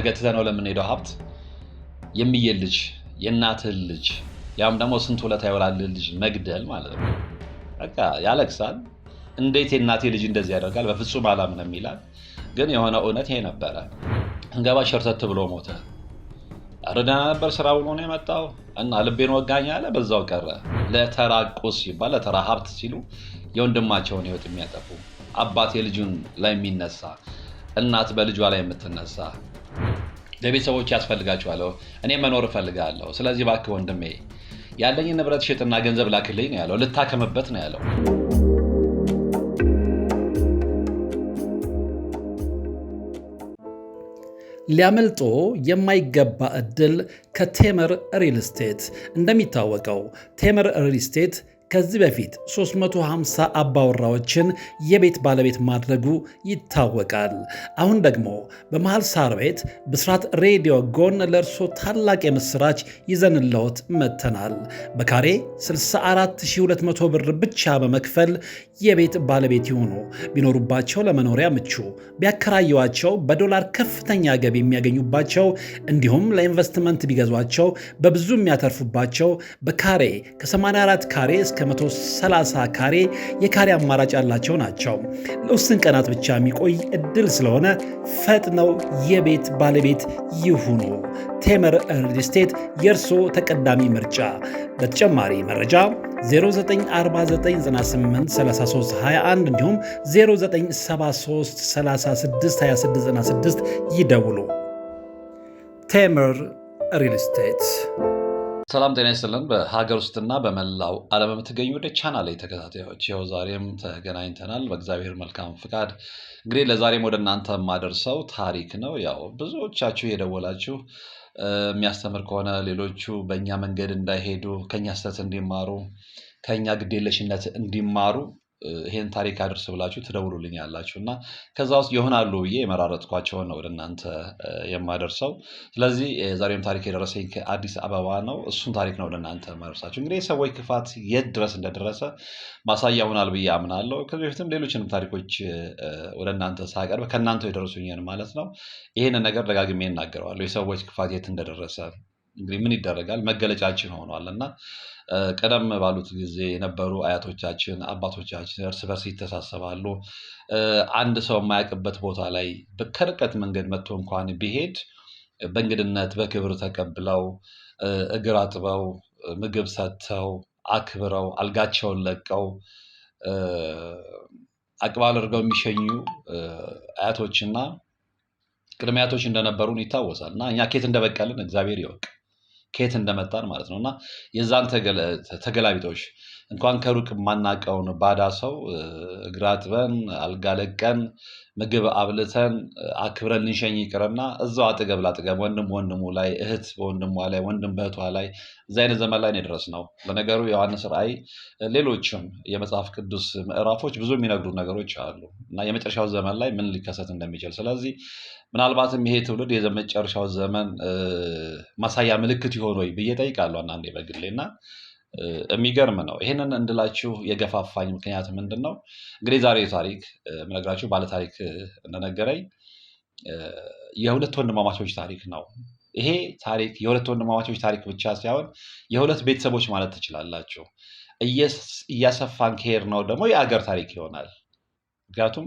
ነገ ትተነው ለምንሄደው ሀብት የሚየ ልጅ የእናትህ ልጅ ያም ደግሞ ስንት ውለታ የወላልህ ልጅ መግደል ማለት ነው። በቃ ያለቅሳል። እንዴት የእናቴ ልጅ እንደዚህ ያደርጋል? በፍጹም አላምንም ይላል። ግን የሆነ እውነት ይሄ ነበረ። እንገባ ሸርተት ብሎ ሞተ። ረዳና ነበር ስራ ብሎ ነው የመጣው እና ልቤን ወጋኝ አለ። በዛው ቀረ። ለተራ ቁስ ሲባል ለተራ ሀብት ሲሉ የወንድማቸውን ህይወት የሚያጠፉ አባት የልጁን ላይ የሚነሳ እናት በልጇ ላይ የምትነሳ ለቤተሰቦች ያስፈልጋቸዋለሁ። እኔ መኖር እፈልጋለሁ። ስለዚህ ባክ ወንድሜ ያለኝ ንብረት ሽጥና ገንዘብ ላክልኝ ነው ያለው። ልታከምበት ነው ያለው። ሊያመልጦ የማይገባ እድል ከቴምር ሪል ስቴት። እንደሚታወቀው ቴምር ሪል ስቴት ከዚህ በፊት 350 አባወራዎችን የቤት ባለቤት ማድረጉ ይታወቃል። አሁን ደግሞ በመሃል ሳር ቤት ብስራት ሬዲዮ ጎን ለእርሶ ታላቅ የምስራች ይዘንለዎት መጥተናል። በካሬ 64200 ብር ብቻ በመክፈል የቤት ባለቤት ይሆኑ። ቢኖሩባቸው ለመኖሪያ ምቹ፣ ቢያከራየዋቸው በዶላር ከፍተኛ ገቢ የሚያገኙባቸው፣ እንዲሁም ለኢንቨስትመንት ቢገዟቸው በብዙ የሚያተርፉባቸው በካሬ ከ84 ካሬ እስከ እስከ 130 ካሬ የካሬ አማራጭ ያላቸው ናቸው። ለውስን ቀናት ብቻ የሚቆይ እድል ስለሆነ ፈጥነው የቤት ባለቤት ይሁኑ። ቴመር ሪል ስቴት ተቀዳሚ ምርጫ። በተጨማሪ መረጃ 0949983321 እንዲሁም 0973362696 ይደውሉ። ቴምር ሪል ስቴት ሰላም ጤና ይስጥልን። በሀገር ውስጥና በመላው ዓለም የምትገኙ ወደ ቻናል ላይ ተከታታዮች ይኸው ዛሬም ተገናኝተናል። በእግዚአብሔር መልካም ፍቃድ እንግዲህ ለዛሬም ወደ እናንተ የማደርሰው ታሪክ ነው። ያው ብዙዎቻችሁ የደወላችሁ የሚያስተምር ከሆነ ሌሎቹ በእኛ መንገድ እንዳይሄዱ ከኛ ስህተት እንዲማሩ ከእኛ ግዴለሽነት እንዲማሩ ይህን ታሪክ አድርስ ብላችሁ ትደውሉልኝ ያላችሁ እና ከዛ ውስጥ ይሆናሉ ብዬ የመራረጥኳቸውን ነው ወደ እናንተ የማደርሰው። ስለዚህ ዛሬም ታሪክ የደረሰኝ ከአዲስ አበባ ነው። እሱን ታሪክ ነው ወደ እናንተ እንግዲህ የሰዎች ክፋት የት ድረስ እንደደረሰ ማሳያ ሆናል ብዬ አምናለሁ። ከዚህ በፊትም ሌሎችንም ታሪኮች ወደ እናንተ ሳቀርብ ከእናንተ የደረሱኝን ማለት ነው ይህን ነገር ደጋግሜ እናገረዋለሁ። የሰዎች ክፋት የት እንደደረሰ እንግዲህ ምን ይደረጋል መገለጫችን ሆኗል እና ቀደም ባሉት ጊዜ የነበሩ አያቶቻችን አባቶቻችን እርስ በርስ ይተሳሰባሉ። አንድ ሰው የማያውቅበት ቦታ ላይ ከርቀት መንገድ መጥቶ እንኳን ቢሄድ በእንግድነት በክብር ተቀብለው እግር አጥበው ምግብ ሰጥተው አክብረው አልጋቸውን ለቀው አቅባል አድርገው የሚሸኙ አያቶችና ቅድመ አያቶች እንደነበሩን ይታወሳል እና እኛ ኬት እንደበቀልን እግዚአብሔር ይወቅ። ከየት እንደመጣን ማለት ነው እና የዛን ተገላቢጦች እንኳን ከሩቅ የማናቀውን ባዳ ሰው እግር አጥበን አልጋ ለቀን ምግብ አብልተን አክብረን ልንሸኝ ይቅርና እዛው አጠገብ ላጠገብ ወንድም ወንድሙ ላይ እህት በወንድሟ ላይ ወንድም በእህቷ ላይ እዚ አይነት ዘመን ላይ የደረስ ነው። ለነገሩ ዮሐንስ ራእይ፣ ሌሎችም የመጽሐፍ ቅዱስ ምዕራፎች ብዙ የሚነግሩ ነገሮች አሉ እና የመጨረሻው ዘመን ላይ ምን ሊከሰት እንደሚችል ስለዚህ ምናልባትም ይሄ ትውልድ የመጨረሻው ዘመን ማሳያ ምልክት ይሆን ወይ ብዬ ጠይቃለሁ አንዳንዴ በግሌ እና የሚገርም ነው። ይህንን እንድላችሁ የገፋፋኝ ምክንያት ምንድን ነው? እንግዲህ ዛሬ ታሪክ የምነግራችሁ ባለታሪክ እንደነገረኝ የሁለት ወንድማማቾች ታሪክ ነው። ይሄ ታሪክ የሁለት ወንድማማቾች ታሪክ ብቻ ሳይሆን የሁለት ቤተሰቦች ማለት ትችላላችሁ። እያሰፋን ከሄድ ነው ደግሞ የአገር ታሪክ ይሆናል። ምክንያቱም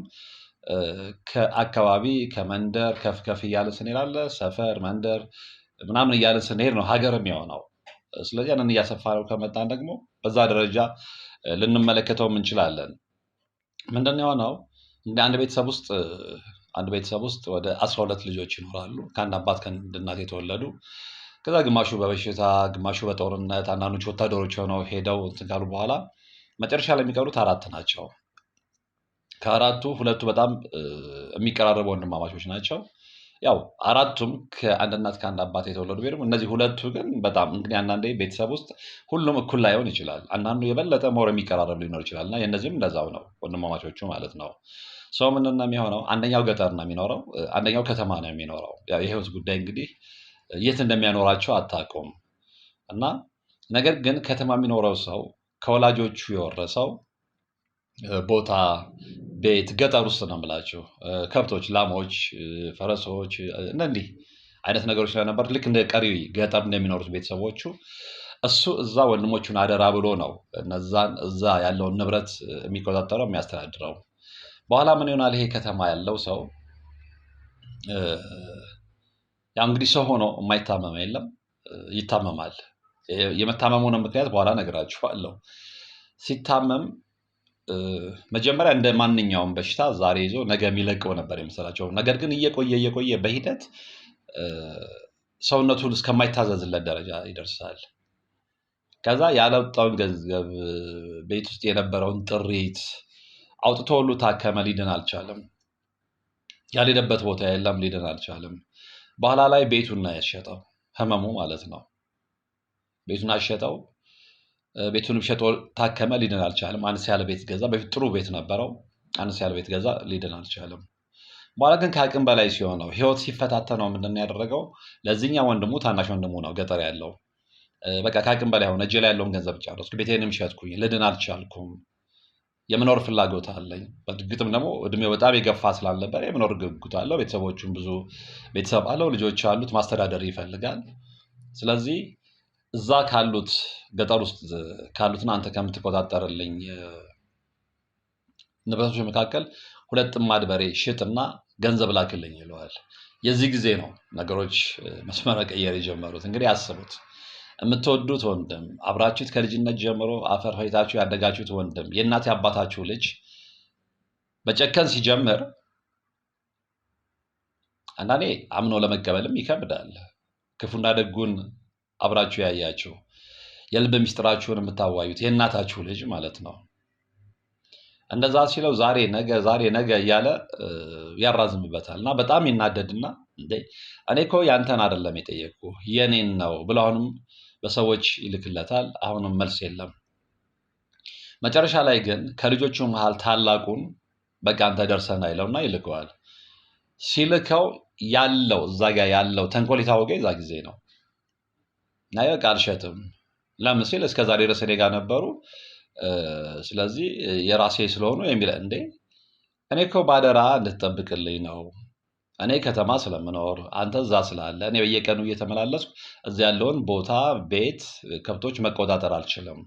ከአካባቢ ከመንደር ከፍከፍ ከፍ እያለን ስንሄድ አለ ሰፈር መንደር ምናምን እያለን ስንሄድ ነው ሀገር የሚሆነው። ስለዚህ ያንን ነው ከመጣን ደግሞ በዛ ደረጃ ልንመለከተውም እንችላለን። ምንድን የሆነው እንደ አንድ ቤተሰብ ውስጥ አንድ ቤተሰብ ውስጥ ወደ አስራ ሁለት ልጆች ይኖራሉ ከአንድ አባት ከአንድ እናት የተወለዱ ከዛ ግማሹ በበሽታ ግማሹ በጦርነት አንዳንዶች ወታደሮች ሆነው ሄደው እንትን ካሉ በኋላ መጨረሻ ላይ የሚቀሩት አራት ናቸው። ከአራቱ ሁለቱ በጣም የሚቀራረቡ ወንድማማቾች ናቸው። ያው አራቱም ከአንድ እናት ከአንድ አባት የተወለዱ ቢሆንም እነዚህ ሁለቱ ግን በጣም እንግዲህ አንዳንዴ ቤተሰብ ውስጥ ሁሉም እኩል ላይሆን ይችላል። አንዳንዱ የበለጠ ሞር የሚቀራረብ ሊኖር ይችላል እና የእነዚህም እንደዛው ነው፣ ወንድማማቾቹ ማለት ነው። ሰው ምንድን ነው የሚሆነው? አንደኛው ገጠር ነው የሚኖረው፣ አንደኛው ከተማ ነው የሚኖረው። የህይወት ጉዳይ እንግዲህ የት እንደሚያኖራቸው አታውቅም እና ነገር ግን ከተማ የሚኖረው ሰው ከወላጆቹ የወረሰው ቦታ ቤት ገጠር ውስጥ ነው የምላችሁ ከብቶች ላሞች ፈረሶች እና እንዲህ አይነት ነገሮች ስለነበር ልክ እንደ ቀሪ ገጠር እንደሚኖሩት ቤተሰቦቹ እሱ እዛ ወንድሞቹን አደራ ብሎ ነው እነዛን እዛ ያለውን ንብረት የሚቆጣጠረው የሚያስተዳድረው። በኋላ ምን ይሆናል? ይሄ ከተማ ያለው ሰው ያው እንግዲህ ሰው ሆኖ የማይታመም የለም፣ ይታመማል። የመታመሙንም ምክንያት በኋላ አለው ሲታመም መጀመሪያ እንደ ማንኛውም በሽታ ዛሬ ይዞ ነገ የሚለቀው ነበር የመሰላቸው። ነገር ግን እየቆየ እየቆየ በሂደት ሰውነቱን እስከማይታዘዝለት ደረጃ ይደርሳል። ከዛ ያለውጣውን ገንዘብ ቤት ውስጥ የነበረውን ጥሪት አውጥቶ ሁሉ ታከመ፣ ሊድን አልቻለም። ያልሄደበት ቦታ የለም፣ ሊድን አልቻለም። በኋላ ላይ ቤቱን ያሸጠው፣ ህመሙ ማለት ነው። ቤቱን አሸጠው። ቤቱን ሸጦ ታከመ፣ ሊድን አልቻለም። አነስ ያለ ቤት ገዛ። በፊት ጥሩ ቤት ነበረው፣ አነስ ያለ ቤት ገዛ፣ ሊድን አልቻለም። በኋላ ግን ከአቅም በላይ ሲሆነው ነው ህይወት ሲፈታተነው ምንድን ያደረገው ለዚህኛ ወንድሙ ታናሽ ወንድሙ ነው ገጠር ያለው በቃ ከአቅም በላይ ሆነ። እጄ ላይ ያለውን ገንዘብ ጨረስኩ፣ ቤቴንም ሸጥኩኝ፣ ልድን አልቻልኩም። የመኖር ፍላጎት አለኝ። በእርግጥም ደግሞ እድሜው በጣም የገፋ ስላልነበር የመኖር ጉጉት አለው። ቤተሰቦቹም ብዙ ቤተሰብ አለው፣ ልጆች አሉት፣ ማስተዳደር ይፈልጋል። ስለዚህ እዛ ካሉት ገጠር ውስጥ ካሉትና አንተ ከምትቆጣጠርልኝ ንብረቶች መካከል ሁለት ጥማድ በሬ ሽጥና ገንዘብ ላክልኝ ይለዋል። የዚህ ጊዜ ነው ነገሮች መስመር መቀየር የጀመሩት። እንግዲህ አስቡት፣ የምትወዱት ወንድም አብራችሁት ከልጅነት ጀምሮ አፈር ፈይታችሁ ያደጋችሁት ወንድም የእናት አባታችሁ ልጅ መጨከን ሲጀምር አንዳንዴ አምኖ ለመቀበልም ይከብዳል። ክፉና ደጉን አብራችሁ ያያችሁ የልብ ምስጢራችሁን የምታዋዩት የእናታችሁ ልጅ ማለት ነው። እንደዛ ሲለው ዛሬ ነገ፣ ዛሬ ነገ እያለ ያራዝምበታል እና በጣም ይናደድና እኔ እኮ ያንተን አይደለም የጠየቁ የኔን ነው ብሎ አሁንም በሰዎች ይልክለታል። አሁንም መልስ የለም። መጨረሻ ላይ ግን ከልጆቹ መሀል ታላቁን በቃ አንተ ደርሰን ይለውና ይልከዋል። ሲልከው ያለው እዛ ጋ ያለው ተንኮል የታወቀ የዛ ጊዜ ነው። አይ በቃ አልሸጥም ለምን ሲል እስከ ዛሬ ድረስ እኔ ጋር ነበሩ። ስለዚህ የራሴ ስለሆኑ የሚለ እንዴ እኔ እኮ ባደራ እንድትጠብቅልኝ ነው። እኔ ከተማ ስለምኖር አንተ እዛ ስላለ እኔ በየቀኑ እየተመላለስኩ እዚያ ያለውን ቦታ፣ ቤት፣ ከብቶች መቆጣጠር አልችልም።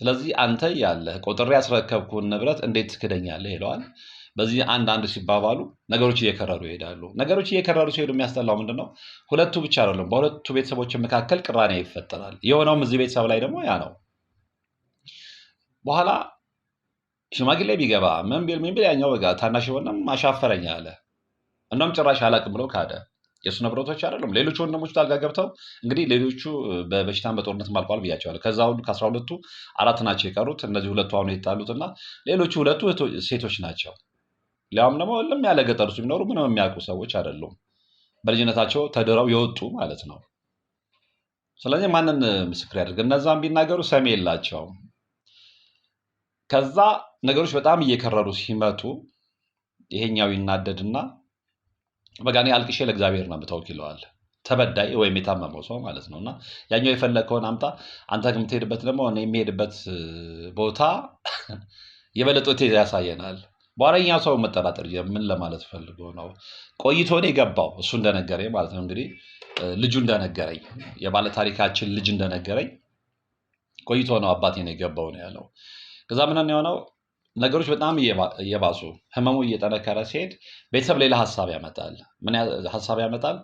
ስለዚህ አንተ ያለህ ቆጥሬ ያስረከብኩን ንብረት እንዴት ትክደኛለህ? ይለዋል። በዚህ አንድ አንድ ሲባባሉ ነገሮች እየከረሩ ይሄዳሉ። ነገሮች እየከረሩ ሲሄዱ የሚያስጠላው ምንድን ነው? ሁለቱ ብቻ አይደለም፣ በሁለቱ ቤተሰቦች መካከል ቅራኔ ይፈጠራል። የሆነውም እዚህ ቤተሰብ ላይ ደግሞ ያ ነው። በኋላ ሽማግሌ ቢገባ ምን ቢል ምን ቢል ያኛው በጋ ታናሽ የሆነም አሻፈረኝ አለ። እንደውም ጭራሽ አላቅም ብለው ካደ። የእሱ ንብረቶች አይደለም ሌሎቹ ወንድሞቹ ጣልጋ ገብተው እንግዲህ ሌሎቹ በበሽታን በጦርነት አልቋል ብያቸዋል። ከዛ ሁሉ ከአስራ ሁለቱ አራት ናቸው የቀሩት። እነዚህ ሁለቱ አሁን የታሉት እና ሌሎቹ ሁለቱ ሴቶች ናቸው። ሊያውም ደግሞ እልም ያለ ገጠር ውስጥ የሚኖሩ ምንም የሚያውቁ ሰዎች አይደሉም። በልጅነታቸው ተድረው የወጡ ማለት ነው። ስለዚህ ማንን ምስክር ያደርግ? እነዛም ቢናገሩ ሰሚ የላቸውም። ከዛ ነገሮች በጣም እየከረሩ ሲመጡ ይሄኛው ይናደድና በጋ እኔ አልቅሼ ለእግዚአብሔር ነው የምታውቅ ይለዋል። ተበዳይ ወይም የታመመው ሰው ማለት ነው። እና ያኛው የፈለግከውን አምጣ፣ አንተ ከምትሄድበት ደግሞ የሚሄድበት ቦታ የበለጠ ያሳየናል። በኋላኛው ሰው መጠራጠር ምን ለማለት ፈልጎ ነው? ቆይቶ ነው የገባው እሱ እንደነገረኝ ማለት ነው። እንግዲህ ልጁ እንደነገረኝ የባለ ታሪካችን ልጅ እንደነገረኝ ቆይቶ ነው አባቴ ነው የገባው ነው ያለው። ከዛ ምን የሆነው ነገሮች በጣም እየባሱ ህመሙ እየጠነከረ ሲሄድ ቤተሰብ ሌላ ሀሳብ ያመጣል። ምን ሀሳብ ያመጣል?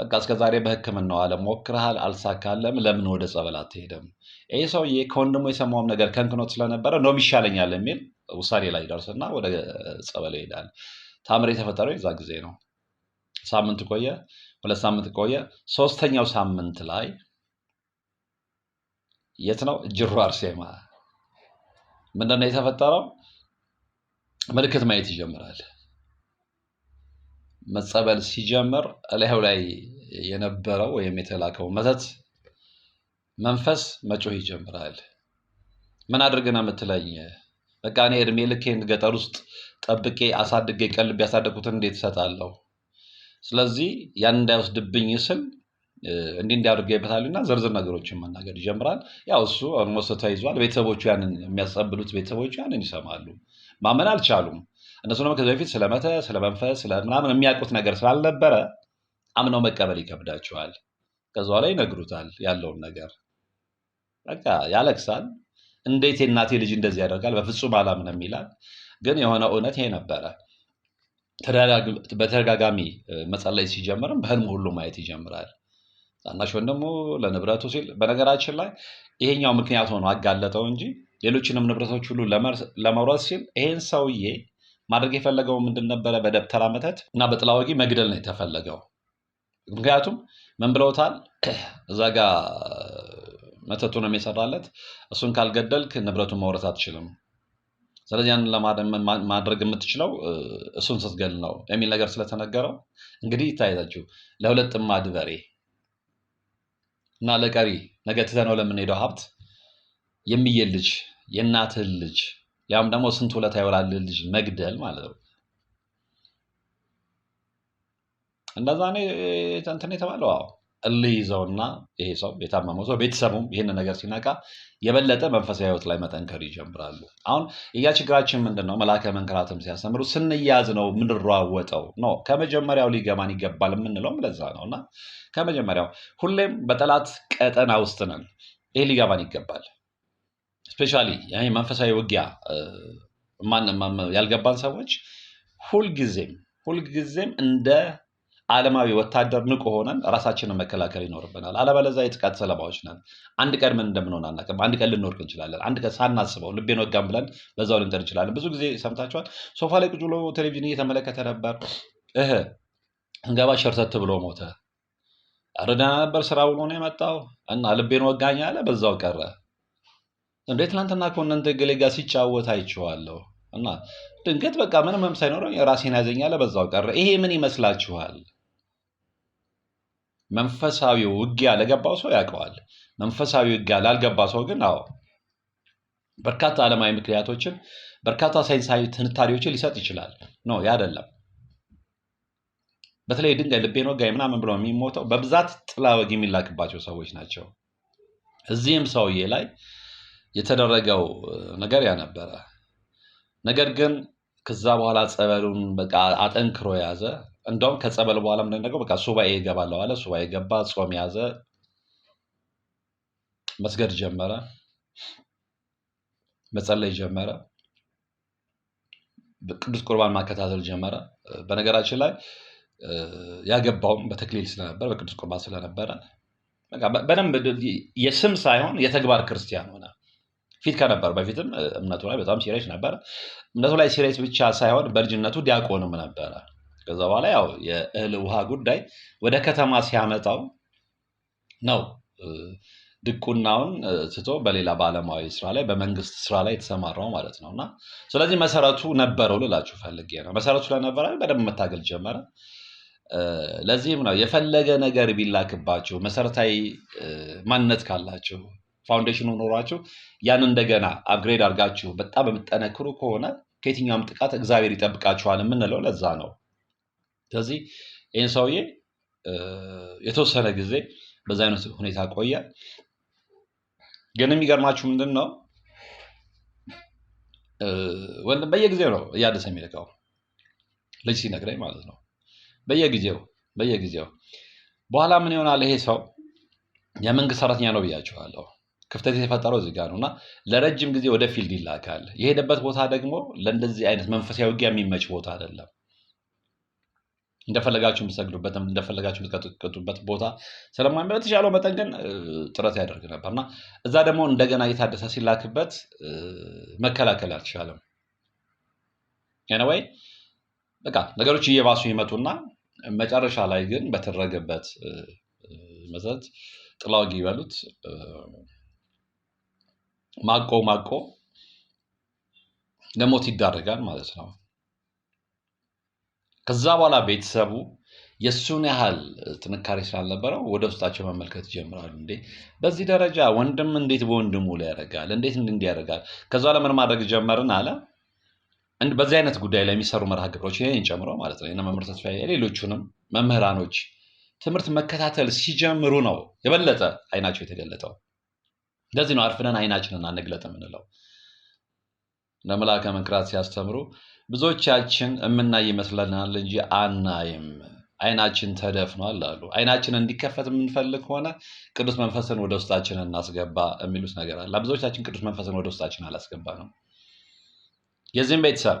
በቃ እስከዛሬ በህክምናው አለ ሞክረሃል፣ አልሳካለም። ለምን ወደ ጸበል አትሄደም? ይህ ሰውዬ ከወንድሙ የሰማውም ነገር ከንክኖት ስለነበረ እንደውም ይሻለኛል የሚል ውሳኔ ላይ ደርስና ወደ ጸበል ይሄዳል። ታምር የተፈጠረው የዛ ጊዜ ነው። ሳምንት ቆየ፣ ሁለት ሳምንት ቆየ። ሶስተኛው ሳምንት ላይ የት ነው? ጅሩ አርሴማ ምንድነው የተፈጠረው? ምልክት ማየት ይጀምራል። መጸበል ሲጀምር እላዩ ላይ የነበረው ወይም የተላከው መተት መንፈስ መጮህ ይጀምራል። ምን አድርገን የምትለኝ በቃ እኔ እድሜ ልኬን ገጠር ውስጥ ጠብቄ አሳድጌ ቀልብ ያሳደግኩትን እንዴት እሰጣለሁ? ስለዚህ ያን እንዳይወስድብኝ ስል እንዲህ እንዲያደርገበታል እና ዝርዝር ነገሮችን መናገር ይጀምራል። ያው እሱ ኦልሞስት ተይዟል። ቤተሰቦቹ ያንን የሚያስጸብሉት ቤተሰቦቹ ያንን ይሰማሉ። ማመን አልቻሉም። እነሱ ደግሞ ከዚህ በፊት ስለመተ ስለመንፈስ ምናምን የሚያውቁት ነገር ስላልነበረ አምነው መቀበል ይከብዳቸዋል። ከዛ ላይ ይነግሩታል ያለውን ነገር በቃ ያለቅሳል። እንዴት የእናቴ ልጅ እንደዚህ ያደርጋል? በፍጹም አላምንም ይላል። ግን የሆነ እውነት ይሄ ነበረ። በተደጋጋሚ መጸለይ ሲጀምርም በህልሙ ሁሉ ማየት ይጀምራል። ታናሽ ወንድሙ ለንብረቱ ሲል በነገራችን ላይ ይሄኛው ምክንያት ሆኖ አጋለጠው እንጂ ሌሎችንም ንብረቶች ሁሉ ለመውረስ ሲል ይሄን ሰውዬ ማድረግ የፈለገው ምንድን ነበረ? በደብተራ መተት እና በጥላ ወጊ መግደል ነው የተፈለገው። ምክንያቱም ምን ብለውታል እዛ ጋ መተቱን የሚሰራለት እሱን ካልገደልክ ንብረቱን መውረት አትችልም። ስለዚህ ያንን ማድረግ የምትችለው እሱን ስትገል ነው የሚል ነገር ስለተነገረው እንግዲህ ይታያችሁ ለሁለት ጥማድ በሬ እና ለቀሪ ነገ ትተነው ለምንሄደው ሀብት የሚየል ልጅ የእናትህን ልጅ ያም ደግሞ ስንት ሁለት አይወላል ልጅ መግደል ማለት ነው። እንደዛ ነው እንትን የተባለው። ይዘውና ይሄ ሰው የታመመው ሰው ቤተሰቡም ይህን ነገር ሲነቃ የበለጠ መንፈሳዊ ህይወት ላይ መጠንከር ይጀምራሉ። አሁን እያ ችግራችን ምንድን ነው? መላከ መንክራትም ሲያስተምሩ ስንያዝ ነው የምንሯወጠው ነው። ከመጀመሪያው ሊገባን ይገባል የምንለው ለዛ ነው። እና ከመጀመሪያው ሁሌም በጠላት ቀጠና ውስጥ ነን። ይሄ ሊገባን ይገባል። ስፔሻሊ መንፈሳዊ ውጊያ ያልገባን ሰዎች ሁልጊዜም ሁልጊዜም እንደ ዓለማዊ ወታደር ንቁ ሆነን ራሳችንን መከላከል ይኖርብናል። አለበለዚያ የጥቃት ሰለባዎች ነን። አንድ ቀን ምን እንደምንሆን አናውቅም። አንድ ቀን ልንወርቅ እንችላለን። አንድ ቀን ሳናስበው ልቤን ወጋም ብለን በዛው ልንጠር እንችላለን። ብዙ ጊዜ ሰምታችኋል። ሶፋ ላይ ቁጭ ብሎ ቴሌቪዥን እየተመለከተ ነበር። እህ እንገባ ሸርተት ብሎ ሞተ። ረዳና ነበር ስራ ብሎ ነው የመጣው እና ልቤን ወጋኝ አለ። በዛው ቀረ። እንዴ ትናንትና ከሆነን ትግሌ ጋር ሲጫወት አይቼዋለሁ እና ድንገት በቃ ምንም ሳይኖረው የራሴን ያዘኛለ። በዛው ቀረ። ይሄ ምን ይመስላችኋል? መንፈሳዊ ውጊያ ለገባው ሰው ያውቀዋል። መንፈሳዊ ውጊያ ላልገባ ሰው ግን አዎ በርካታ ዓለማዊ ምክንያቶችን በርካታ ሳይንሳዊ ትንታሪዎችን ሊሰጥ ይችላል። ኖ ያ አይደለም። በተለይ ድንጋይ ልቤን ወጋኝ ምናምን ብለው የሚሞተው በብዛት ጥላ ወግ የሚላክባቸው ሰዎች ናቸው። እዚህም ሰውዬ ላይ የተደረገው ነገር ያ ነበረ። ነገር ግን ከዛ በኋላ ጸበሉን በቃ አጠንክሮ የያዘ እንደውም ከጸበል በኋላ ምንነገው በቃ ሱባኤ ይገባለሁ አለ። ሱባኤ ገባ፣ ጾም ያዘ፣ መስገድ ጀመረ፣ መጸለይ ጀመረ፣ ቅዱስ ቁርባን ማከታተል ጀመረ። በነገራችን ላይ ያገባውም በተክሊል ስለነበረ በቅዱስ ቁርባን ስለነበረ በደንብ የስም ሳይሆን የተግባር ክርስቲያን ሆነ። ፊት ከነበር በፊትም እምነቱ ላይ በጣም ሲሬች ነበር። እምነቱ ላይ ሲሬች ብቻ ሳይሆን በልጅነቱ ዲያቆንም ነበረ። ከዛ በኋላ ያው የእህል ውሃ ጉዳይ ወደ ከተማ ሲያመጣው ነው ድቁናውን ትቶ በሌላ በዓለማዊ ስራ ላይ በመንግስት ስራ ላይ የተሰማራው ማለት ነው። እና ስለዚህ መሰረቱ ነበረው ልላችሁ ፈልጌ ነው። መሰረቱ ለነበረ በደንብ መታገል ጀመረ። ለዚህም ነው የፈለገ ነገር ቢላክባችሁ መሰረታዊ ማንነት ካላችሁ ፋውንዴሽኑ ኖሯችሁ ያን እንደገና አፕግሬድ አድርጋችሁ በጣም የምጠነክሩ ከሆነ ከየትኛውም ጥቃት እግዚአብሔር ይጠብቃችኋል የምንለው ለዛ ነው። ስለዚህ ይህን ሰውዬ የተወሰነ ጊዜ በዛ አይነት ሁኔታ ቆየ። ግን የሚገርማችሁ ምንድን ነው ወንድም በየጊዜው ነው እያደሰ የሚልቀው ልጅ ሲነግረኝ ማለት ነው። በየጊዜው በየጊዜው በኋላ ምን ይሆናል ይሄ ሰው የመንግስት ሰራተኛ ነው ብያችኋለሁ። ክፍተት የተፈጠረው እዚህ ነው እና ለረጅም ጊዜ ወደ ፊልድ ይላካል። የሄደበት ቦታ ደግሞ ለእንደዚህ አይነት መንፈሳዊ ውጊያ የሚመች ቦታ አይደለም። እንደፈለጋችሁ የምትሰግዱበትም እንደፈለጋችሁ የምትቀጡበት ቦታ ስለማይ በተሻለው መጠን ግን ጥረት ያደርግ ነበር እና እዛ ደግሞ እንደገና እየታደሰ ሲላክበት መከላከል አልቻለም። ኤኒዌይ በቃ ነገሮች እየባሱ ይመጡና መጨረሻ ላይ ግን በተደረገበት መሰረት ጥላ ይበሉት ማቆ ማቆ ለሞት ይዳረጋል ማለት ነው። ከዛ በኋላ ቤተሰቡ የእሱን ያህል ጥንካሬ ስላልነበረው ወደ ውስጣቸው መመልከት ይጀምራሉ። እንዴ በዚህ ደረጃ ወንድም እንዴት በወንድሙ ላይ ያደርጋል? እንዴት እንዲህ ያደርጋል? ከዛ ለምን ማድረግ ጀመርን አለ በዚህ አይነት ጉዳይ ላይ የሚሰሩ መርሃ ግብሮች ይህን ጨምሮ ማለት ነው። የእነ መምህር ተስፋዬ ሌሎቹንም መምህራኖች ትምህርት መከታተል ሲጀምሩ ነው የበለጠ አይናቸው የተገለጠው። እንደዚህ ነው አርፍነን አይናችንን አንግለጥ የምንለው። ለመልአከ መንክራት ሲያስተምሩ ብዙዎቻችን የምናይ ይመስለናል እንጂ አናይም። አይናችን ተደፍኗል አሉ። አይናችን እንዲከፈት የምንፈልግ ከሆነ ቅዱስ መንፈስን ወደ ውስጣችን እናስገባ የሚሉት ነገር አለ። ብዙዎቻችን ቅዱስ መንፈስን ወደ ውስጣችን አላስገባ ነው። የዚህም ቤተሰብ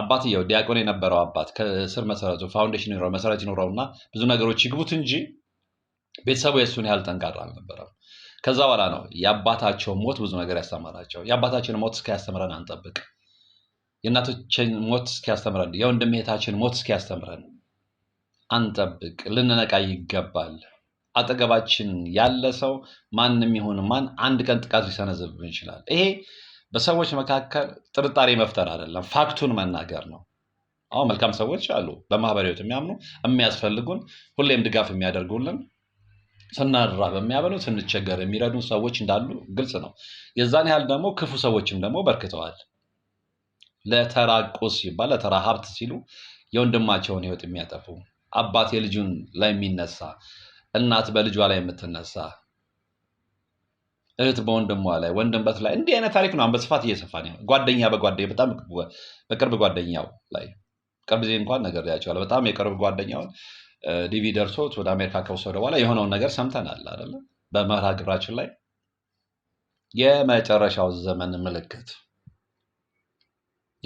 አባትየው ዲያቆን የነበረው አባት ከስር መሰረቱ ፋውንዴሽን ይኖረው መሰረት ይኖረው እና ብዙ ነገሮች ይግቡት እንጂ ቤተሰቡ የእሱን ያህል ጠንካራ አልነበረም። ከዛ በኋላ ነው የአባታቸው ሞት ብዙ ነገር ያስተማራቸው። የአባታችን ሞት እስከ ያስተምረን አንጠብቅ የእናቶችን ሞት እስኪያስተምረን የወንድምህታችን ሞት እስኪያስተምረን አንጠብቅ፣ ልንነቃ ይገባል። አጠገባችን ያለ ሰው ማንም ይሁን ማን አንድ ቀን ጥቃት ሊሰነዝብብን ይችላል። ይሄ በሰዎች መካከል ጥርጣሬ መፍጠር አይደለም፣ ፋክቱን መናገር ነው። አሁን መልካም ሰዎች አሉ፣ በማህበራዊ የሚያምኑ የሚያስፈልጉን፣ ሁሌም ድጋፍ የሚያደርጉልን፣ ስናራ የሚያበሉ፣ ስንቸገር የሚረዱ ሰዎች እንዳሉ ግልጽ ነው። የዛን ያህል ደግሞ ክፉ ሰዎችም ደግሞ በርክተዋል። ለተራቆስ ሲባል ለተራ ሀብት ሲሉ የወንድማቸውን ህይወት የሚያጠፉ አባት የልጁን ላይ የሚነሳ እናት በልጇ ላይ የምትነሳ እህት በወንድሟ ላይ ወንድም በት ላይ እንዲህ አይነት ታሪክ ነው በስፋት እየሰፋ ጓደኛ በጓደኛ በጣም በቅርብ ጓደኛው ላይ ቅርብ ጊዜ እንኳን ነገር ያቸዋል። በጣም የቅርብ ጓደኛውን ዲቪ ደርሶት ወደ አሜሪካ ከወሰደ በኋላ የሆነውን ነገር ሰምተናል አይደለ? በመርሃ ግብራችን ላይ የመጨረሻው ዘመን ምልክት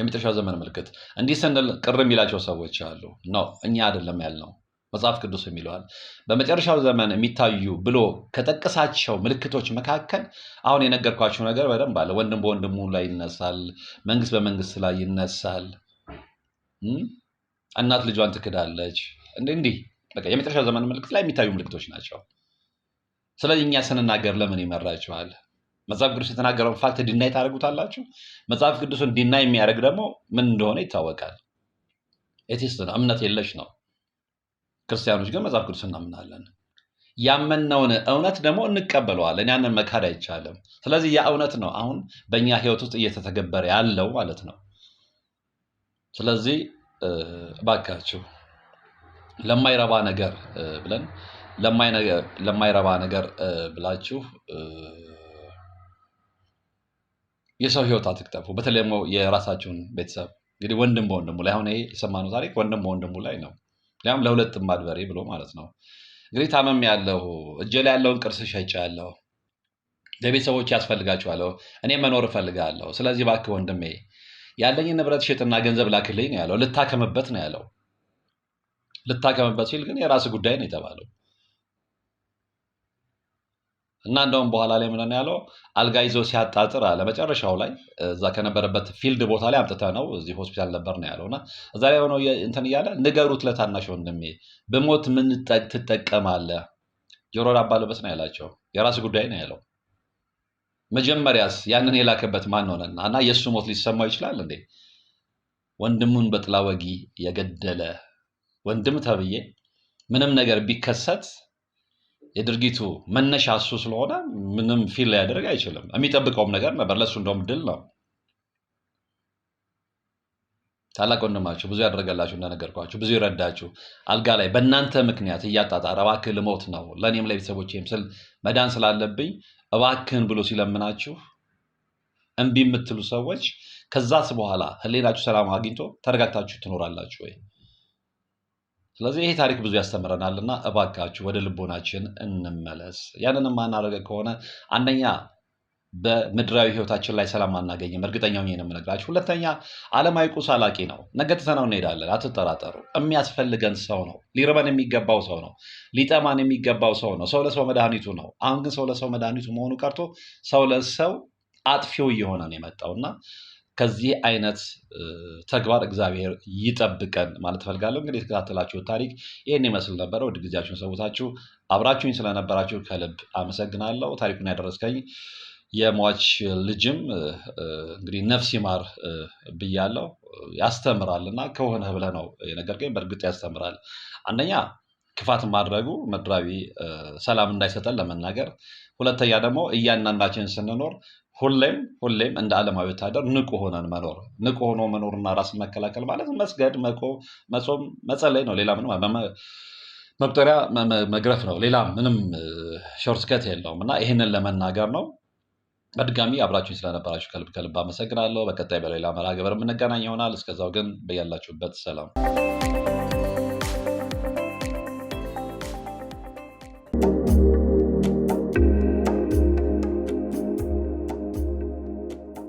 የመጨረሻ ዘመን ምልክት እንዲህ ስንል ቅር የሚላቸው ሰዎች አሉ። ነው እኛ አይደለም ያልነው፣ መጽሐፍ ቅዱስ የሚለዋል በመጨረሻው ዘመን የሚታዩ ብሎ ከጠቀሳቸው ምልክቶች መካከል አሁን የነገርኳቸው ነገር በደንብ አለ። ወንድም በወንድሙ ላይ ይነሳል፣ መንግስት በመንግስት ላይ ይነሳል፣ እናት ልጇን ትክዳለች። እንዲህ በቃ የመጨረሻው ዘመን ምልክት ላይ የሚታዩ ምልክቶች ናቸው። ስለዚህ እኛ ስንናገር ለምን ይመራችኋል? መጽሐፍ ቅዱስ የተናገረውን ፋክት ዲናይ ታደርጉታላችሁ። መጽሐፍ ቅዱስን ዲናይ የሚያደርግ ደግሞ ምን እንደሆነ ይታወቃል። ኤቲስት ነው፣ እምነት የለሽ ነው። ክርስቲያኖች ግን መጽሐፍ ቅዱስ እናምናለን። ያመንነውን እውነት ደግሞ እንቀበለዋለን። ያንን መካድ አይቻልም። ስለዚህ ያ እውነት ነው አሁን በእኛ ህይወት ውስጥ እየተተገበረ ያለው ማለት ነው። ስለዚህ እባካችሁ ለማይረባ ነገር ብለን ለማይረባ ነገር ብላችሁ የሰው ህይወት አትክተፉ። በተለይ ደግሞ የራሳችሁን ቤተሰብ እንግዲህ ወንድም በወንድሙ ላይ አሁን ይሄ የሰማነው ታሪክ ወንድም በወንድሙ ላይ ነው። ያም ለሁለት ማድበሬ ብሎ ማለት ነው። እንግዲህ ታመም ያለሁ እጄ ላይ ያለውን ቅርስ ሸጭ ያለው ለቤተሰቦች ያስፈልጋቸዋለሁ። እኔ መኖር እፈልጋለሁ። ስለዚህ እባክህ ወንድሜ ያለኝ ንብረት ሽጥና ገንዘብ ላክልኝ ነው ያለው። ልታከምበት ነው ያለው። ልታከምበት ሲል ግን የራስ ጉዳይ ነው የተባለው። እና እንደውም በኋላ ላይ ምንድን ያለው አልጋ ይዞ ሲያጣጥር አለ መጨረሻው ላይ እዛ ከነበረበት ፊልድ ቦታ ላይ አምጥተ ነው እዚህ ሆስፒታል ነበር ነው ያለው እና እዛ ላይ ሆነው እንትን እያለ ንገሩት ለታናሽ ወንድሜ ብሞት ምን ትጠቀማለህ ጆሮ ዳባ ልበስ ነው ያላቸው የራስ ጉዳይ ነው ያለው መጀመሪያስ ያንን የላከበት ማን ሆነና እና የእሱ ሞት ሊሰማው ይችላል እንዴ ወንድሙን በጥላ ወጊ የገደለ ወንድም ተብዬ ምንም ነገር ቢከሰት የድርጊቱ መነሻ እሱ ስለሆነ ምንም ፊል ሊያደርግ አይችልም። የሚጠብቀውም ነገር ነበር። ለእሱ እንደውም ድል ነው። ታላቅ ወንድማችሁ ብዙ ያደረገላችሁ እንደነገርኳችሁ ብዙ ይረዳችሁ አልጋ ላይ በእናንተ ምክንያት እያጣጣረ እባክህ ልሞት ነው ለእኔም ለቤተሰቦቼም ስል መዳን ስላለብኝ እባክህን ብሎ ሲለምናችሁ እምቢ የምትሉ ሰዎች ከዛስ በኋላ ህሌናችሁ ሰላም አግኝቶ ተረጋግታችሁ ትኖራላችሁ ወይ? ስለዚህ ይሄ ታሪክ ብዙ ያስተምረናል እና እባካችሁ ወደ ልቦናችን እንመለስ። ያንን የማናደርግ ከሆነ አንደኛ በምድራዊ ህይወታችን ላይ ሰላም አናገኝም። እርግጠኛ ነው የምነግራችሁ። ሁለተኛ ዓለማዊ ቁስ አላቂ ነው። ነገ ትተነው እንሄዳለን፣ አትጠራጠሩ። የሚያስፈልገን ሰው ነው። ሊርበን የሚገባው ሰው ነው። ሊጠማን የሚገባው ሰው ነው። ሰው ለሰው መድኃኒቱ ነው። አሁን ግን ሰው ለሰው መድኃኒቱ መሆኑ ቀርቶ ሰው ለሰው አጥፊው እየሆነ ነው የመጣው እና ከዚህ አይነት ተግባር እግዚአብሔር ይጠብቀን ማለት እፈልጋለሁ። እንግዲህ የተከታተላችሁት ታሪክ ይህን ይመስል ነበረ። ወደ ጊዜያችሁን ሰውታችሁ አብራችሁኝ ስለነበራችሁ ከልብ አመሰግናለሁ። ታሪኩን ያደረስከኝ የሟች ልጅም እንግዲህ ነፍስ ይማር ብያለሁ። ያስተምራል እና ከሆነ ብለህ ነው ነገር ግን በእርግጥ ያስተምራል። አንደኛ ክፋት ማድረጉ ምድራዊ ሰላም እንዳይሰጠን ለመናገር፣ ሁለተኛ ደግሞ እያንዳንዳችን ስንኖር ሁሌም ሁሌም እንደ ዓለማዊ ወታደር ንቁ ሆነን መኖር ንቁ ሆኖ መኖርና ራስን መከላከል ማለት መስገድ፣ መጾም፣ መጸለይ ነው። ሌላ ምንም መቁጠሪያ መግረፍ ነው። ሌላ ምንም ሾርትከት የለውም እና ይህንን ለመናገር ነው። በድጋሚ አብራችሁኝ ስለነበራችሁ ከልብ ከልብ አመሰግናለሁ። በቀጣይ በሌላ መርሃ ግብር የምንገናኝ ይሆናል። እስከዛው ግን በያላችሁበት ሰላም